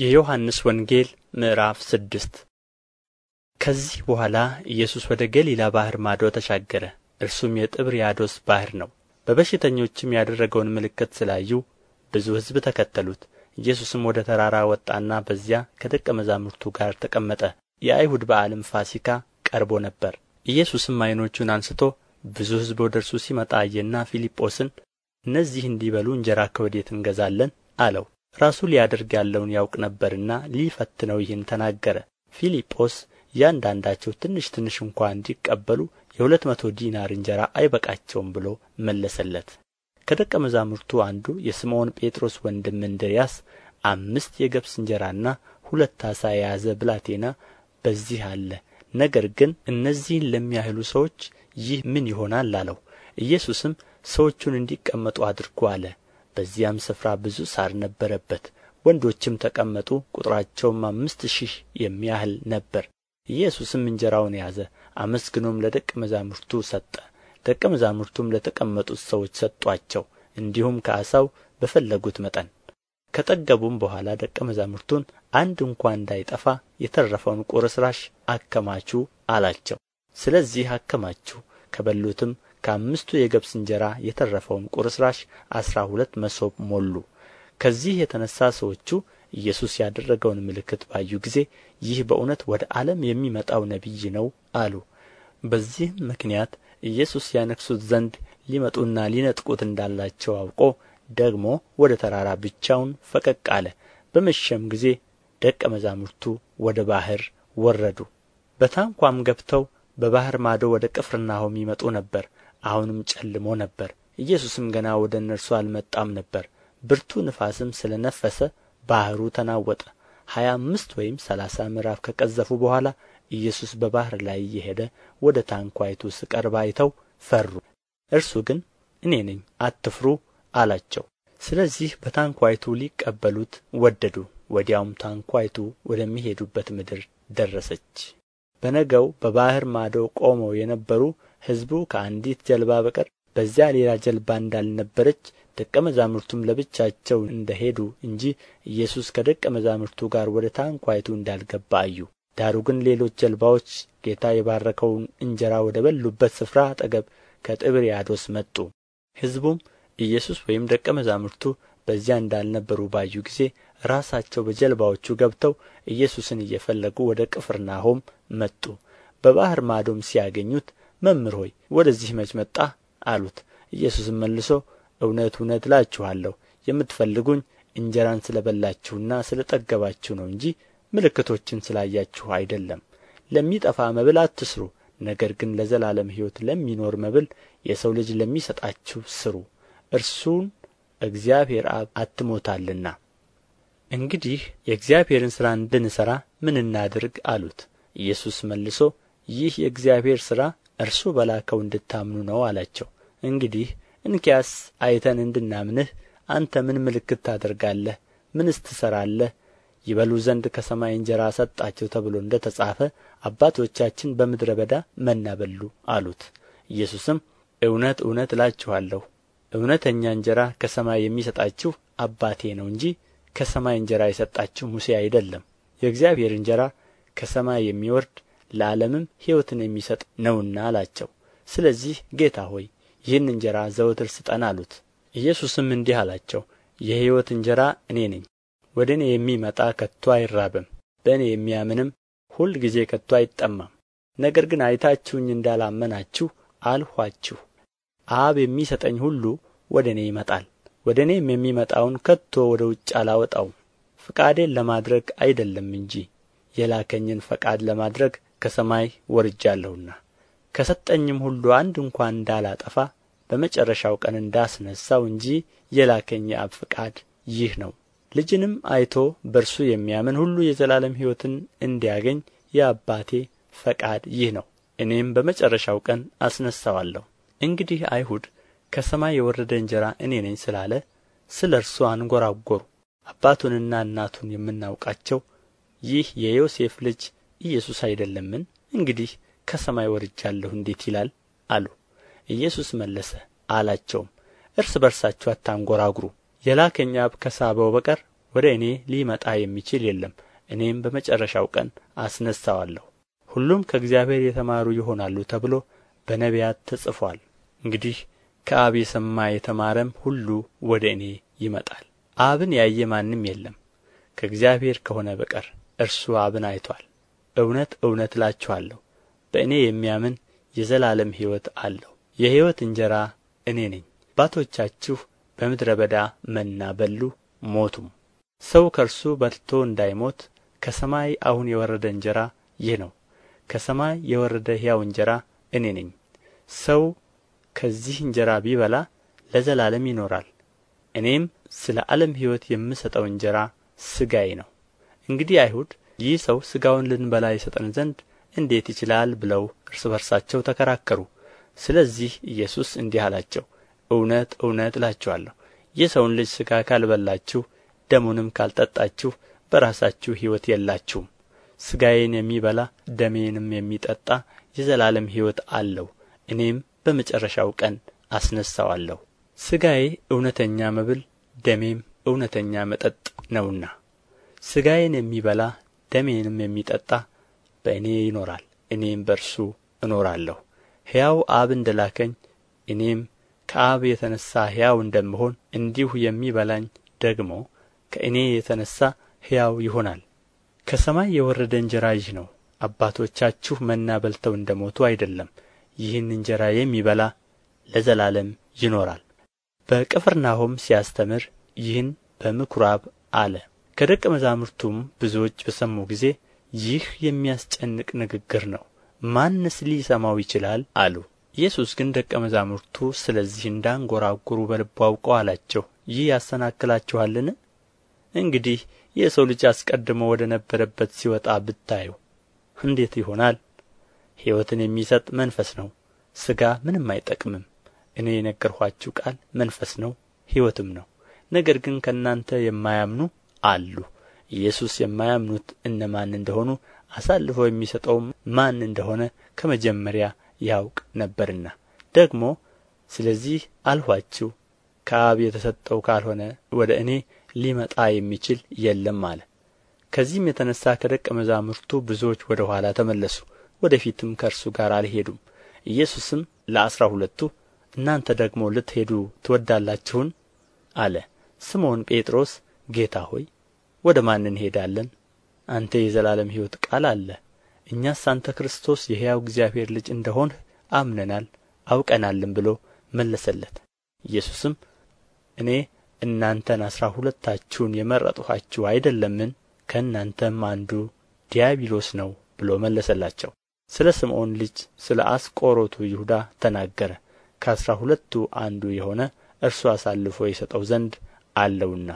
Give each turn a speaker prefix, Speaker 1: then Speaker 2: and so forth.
Speaker 1: የዮሐንስ ወንጌል ምዕራፍ ስድስት ከዚህ በኋላ ኢየሱስ ወደ ገሊላ ባሕር ማዶ ተሻገረ። እርሱም የጥብርያዶስ ባሕር ነው። በበሽተኞችም ያደረገውን ምልክት ስላዩ ብዙ ሕዝብ ተከተሉት። ኢየሱስም ወደ ተራራ ወጣና በዚያ ከደቀ መዛሙርቱ ጋር ተቀመጠ። የአይሁድ በዓልም ፋሲካ ቀርቦ ነበር። ኢየሱስም አይኖቹን አንስቶ ብዙ ሕዝብ ወደ እርሱ ሲመጣ አየና ፊልጶስን እነዚህ እንዲበሉ እንጀራ ከወዴት እንገዛለን? አለው። ራሱ ሊያደርግ ያለውን ያውቅ ነበርና ሊፈትነው ይህን ተናገረ። ፊልጶስ እያንዳንዳቸው ትንሽ ትንሽ እንኳ እንዲቀበሉ የሁለት መቶ ዲናር እንጀራ አይበቃቸውም ብሎ መለሰለት። ከደቀ መዛሙርቱ አንዱ የስምዖን ጴጥሮስ ወንድም እንድርያስ አምስት የገብስ እንጀራና ሁለት ዓሣ የያዘ ብላቴና በዚህ አለ፣ ነገር ግን እነዚህን ለሚያህሉ ሰዎች ይህ ምን ይሆናል አለው። ኢየሱስም ሰዎቹን እንዲቀመጡ አድርጉ አለ። በዚያም ስፍራ ብዙ ሳር ነበረበት ወንዶችም ተቀመጡ ቁጥራቸውም አምስት ሺህ የሚያህል ነበር ኢየሱስም እንጀራውን ያዘ አመስግኖም ለደቀ መዛሙርቱ ሰጠ ደቀ መዛሙርቱም ለተቀመጡት ሰዎች ሰጧቸው እንዲሁም ከዓሣው በፈለጉት መጠን ከጠገቡም በኋላ ደቀ መዛሙርቱን አንድ እንኳ እንዳይጠፋ የተረፈውን ቁርስራሽ አከማቹ አላቸው ስለዚህ አከማቹ ከበሉትም ከአምስቱ የገብስ እንጀራ የተረፈውም ቁርስራሽ አሥራ ሁለት መሶብ ሞሉ ከዚህ የተነሣ ሰዎቹ ኢየሱስ ያደረገውን ምልክት ባዩ ጊዜ ይህ በእውነት ወደ ዓለም የሚመጣው ነቢይ ነው አሉ በዚህም ምክንያት ኢየሱስ ያነግሡት ዘንድ ሊመጡና ሊነጥቁት እንዳላቸው አውቆ ደግሞ ወደ ተራራ ብቻውን ፈቀቅ አለ በመሸም ጊዜ ደቀ መዛሙርቱ ወደ ባሕር ወረዱ በታንኳም ገብተው በባሕር ማዶ ወደ ቅፍርናሆም ይመጡ ነበር አሁንም ጨልሞ ነበር ኢየሱስም ገና ወደ እነርሱ አልመጣም ነበር ብርቱ ነፋስም ስለ ነፈሰ ባሕሩ ተናወጠ ሀያ አምስት ወይም ሰላሳ ምዕራፍ ከቀዘፉ በኋላ ኢየሱስ በባሕር ላይ እየሄደ ወደ ታንኳይቱ ስቀርብ አይተው ፈሩ እርሱ ግን እኔ ነኝ አትፍሩ አላቸው ስለዚህ በታንኳይቱ ሊቀበሉት ወደዱ ወዲያውም ታንኳይቱ ወደሚሄዱበት ምድር ደረሰች በነገው በባሕር ማዶ ቆመው የነበሩ ሕዝቡ ከአንዲት ጀልባ በቀር በዚያ ሌላ ጀልባ እንዳልነበረች ደቀ መዛሙርቱም ለብቻቸው እንደ ሄዱ እንጂ ኢየሱስ ከደቀ መዛሙርቱ ጋር ወደ ታንኳይቱ እንዳልገባ አዩ። ዳሩ ግን ሌሎች ጀልባዎች ጌታ የባረከውን እንጀራ ወደ በሉበት ስፍራ አጠገብ ከጥብርያዶስ መጡ። ሕዝቡም ኢየሱስ ወይም ደቀ መዛሙርቱ በዚያ እንዳልነበሩ ባዩ ጊዜ ራሳቸው በጀልባዎቹ ገብተው ኢየሱስን እየፈለጉ ወደ ቅፍርናሆም መጡ። በባሕር ማዶም ሲያገኙት መምህር ሆይ ወደዚህ መች መጣ አሉት ኢየሱስም መልሶ እውነት እውነት እላችኋለሁ የምትፈልጉኝ እንጀራን ስለ በላችሁና ስለ ጠገባችሁ ነው እንጂ ምልክቶችን ስላያችሁ አይደለም ለሚጠፋ መብል አትስሩ ነገር ግን ለዘላለም ሕይወት ለሚኖር መብል የሰው ልጅ ለሚሰጣችሁ ስሩ እርሱን እግዚአብሔር አብ አትሞታልና እንግዲህ የእግዚአብሔርን ሥራ እንድንሠራ ምን እናድርግ አሉት ኢየሱስ መልሶ ይህ የእግዚአብሔር ሥራ እርሱ በላከው እንድታምኑ ነው አላቸው እንግዲህ እንኪያስ አይተን እንድናምንህ አንተ ምን ምልክት ታደርጋለህ ምንስ ትሠራለህ ይበሉ ዘንድ ከሰማይ እንጀራ ሰጣቸው ተብሎ እንደ ተጻፈ አባቶቻችን በምድረ በዳ መና በሉ አሉት ኢየሱስም እውነት እውነት እላችኋለሁ እውነተኛ እንጀራ ከሰማይ የሚሰጣችሁ አባቴ ነው እንጂ ከሰማይ እንጀራ የሰጣችሁ ሙሴ አይደለም የእግዚአብሔር እንጀራ ከሰማይ የሚወርድ ለዓለምም ሕይወትን የሚሰጥ ነውና አላቸው ስለዚህ ጌታ ሆይ ይህን እንጀራ ዘወትር ስጠን አሉት ኢየሱስም እንዲህ አላቸው የሕይወት እንጀራ እኔ ነኝ ወደ እኔ የሚመጣ ከቶ አይራብም በእኔ የሚያምንም ሁልጊዜ ከቶ አይጠማም ነገር ግን አይታችሁኝ እንዳላመናችሁ አልኋችሁ አብ የሚሰጠኝ ሁሉ ወደ እኔ ይመጣል ወደ እኔም የሚመጣውን ከቶ ወደ ውጭ አላወጣውም ፈቃዴን ለማድረግ አይደለም እንጂ የላከኝን ፈቃድ ለማድረግ ከሰማይ ወርጃለሁና ከሰጠኝም ሁሉ አንድ እንኳ እንዳላጠፋ በመጨረሻው ቀን እንዳስነሳው እንጂ የላከኝ የአብ ፈቃድ ይህ ነው ልጅንም አይቶ በእርሱ የሚያምን ሁሉ የዘላለም ሕይወትን እንዲያገኝ የአባቴ ፈቃድ ይህ ነው እኔም በመጨረሻው ቀን አስነሳዋለሁ እንግዲህ አይሁድ ከሰማይ የወረደ እንጀራ እኔ ነኝ ስላለ ስለ እርሱ አንጐራጐሩ አባቱንና እናቱን የምናውቃቸው ይህ የዮሴፍ ልጅ ኢየሱስ አይደለምን እንግዲህ ከሰማይ ወርጃለሁ እንዴት ይላል አሉ ኢየሱስ መለሰ አላቸውም እርስ በርሳችሁ አታንጐራጉሩ የላከኝ አብ ከሳበው በቀር ወደ እኔ ሊመጣ የሚችል የለም እኔም በመጨረሻው ቀን አስነሣዋለሁ ሁሉም ከእግዚአብሔር የተማሩ ይሆናሉ ተብሎ በነቢያት ተጽፏል እንግዲህ ከአብ የሰማ የተማረም ሁሉ ወደ እኔ ይመጣል አብን ያየ ማንም የለም ከእግዚአብሔር ከሆነ በቀር እርሱ አብን አይቷል። እውነት እውነት እላችኋለሁ በእኔ የሚያምን የዘላለም ሕይወት አለው የሕይወት እንጀራ እኔ ነኝ አባቶቻችሁ በምድረ በዳ መና በሉ ሞቱም ሰው ከእርሱ በልቶ እንዳይሞት ከሰማይ አሁን የወረደ እንጀራ ይህ ነው ከሰማይ የወረደ ሕያው እንጀራ እኔ ነኝ ሰው ከዚህ እንጀራ ቢበላ ለዘላለም ይኖራል እኔም ስለ ዓለም ሕይወት የምሰጠው እንጀራ ሥጋዬ ነው እንግዲህ አይሁድ ይህ ሰው ሥጋውን ልንበላ ይሰጠን ዘንድ እንዴት ይችላል ብለው እርስ በርሳቸው ተከራከሩ ስለዚህ ኢየሱስ እንዲህ አላቸው እውነት እውነት እላችኋለሁ የሰውን ልጅ ሥጋ ካልበላችሁ ደሙንም ካልጠጣችሁ በራሳችሁ ሕይወት የላችሁም። ሥጋዬን የሚበላ ደሜንም የሚጠጣ የዘላለም ሕይወት አለው፣ እኔም በመጨረሻው ቀን አስነሣዋለሁ። ሥጋዬ እውነተኛ መብል፣ ደሜም እውነተኛ መጠጥ ነውና ሥጋዬን የሚበላ ደሜንም የሚጠጣ በእኔ ይኖራል እኔም በእርሱ እኖራለሁ ሕያው አብ እንደ ላከኝ እኔም ከአብ የተነሣ ሕያው እንደምሆን እንዲሁ የሚበላኝ ደግሞ ከእኔ የተነሣ ሕያው ይሆናል። ከሰማይ የወረደ እንጀራ ይህ ነው። አባቶቻችሁ መና በልተው እንደ ሞቱ አይደለም። ይህን እንጀራ የሚበላ ለዘላለም ይኖራል። በቅፍርናሆም ሲያስተምር ይህን በምኵራብ አለ። ከደቀ መዛሙርቱም ብዙዎች በሰሙ ጊዜ ይህ የሚያስጨንቅ ንግግር ነው ማንስ ሊሰማው ይችላል አሉ ኢየሱስ ግን ደቀ መዛሙርቱ ስለዚህ እንዳንጎራጉሩ በልቡ አውቆ አላቸው ይህ ያሰናክላችኋልን እንግዲህ የሰው ልጅ አስቀድሞ ወደ ነበረበት ሲወጣ ብታዩ እንዴት ይሆናል ሕይወትን የሚሰጥ መንፈስ ነው ሥጋ ምንም አይጠቅምም እኔ የነገርኋችሁ ቃል መንፈስ ነው ሕይወትም ነው ነገር ግን ከእናንተ የማያምኑ አሉ ኢየሱስ የማያምኑት እነማን እንደ ሆኑ አሳልፎ የሚሰጠውም ማን እንደ ሆነ ከመጀመሪያ ያውቅ ነበርና ደግሞ ስለዚህ አልኋችሁ ከአብ የተሰጠው ካልሆነ ወደ እኔ ሊመጣ የሚችል የለም አለ ከዚህም የተነሣ ከደቀ መዛሙርቱ ብዙዎች ወደ ኋላ ተመለሱ ወደ ፊትም ከእርሱ ጋር አልሄዱም ኢየሱስም ለአሥራ ሁለቱ እናንተ ደግሞ ልትሄዱ ትወዳላችሁን አለ ስምዖን ጴጥሮስ ጌታ ሆይ ወደ ማን እንሄዳለን አንተ የዘላለም ሕይወት ቃል አለ እኛስ አንተ ክርስቶስ የሕያው እግዚአብሔር ልጅ እንደሆንህ አምነናል አውቀናልም ብሎ መለሰለት ኢየሱስም እኔ እናንተን አሥራ ሁለታችሁን የመረጥኋችሁ አይደለምን ከእናንተም አንዱ ዲያብሎስ ነው ብሎ መለሰላቸው ስለ ስምዖን ልጅ ስለ አስቆሮቱ ይሁዳ ተናገረ ከአሥራ ሁለቱ አንዱ የሆነ እርሱ አሳልፎ የሰጠው ዘንድ አለውና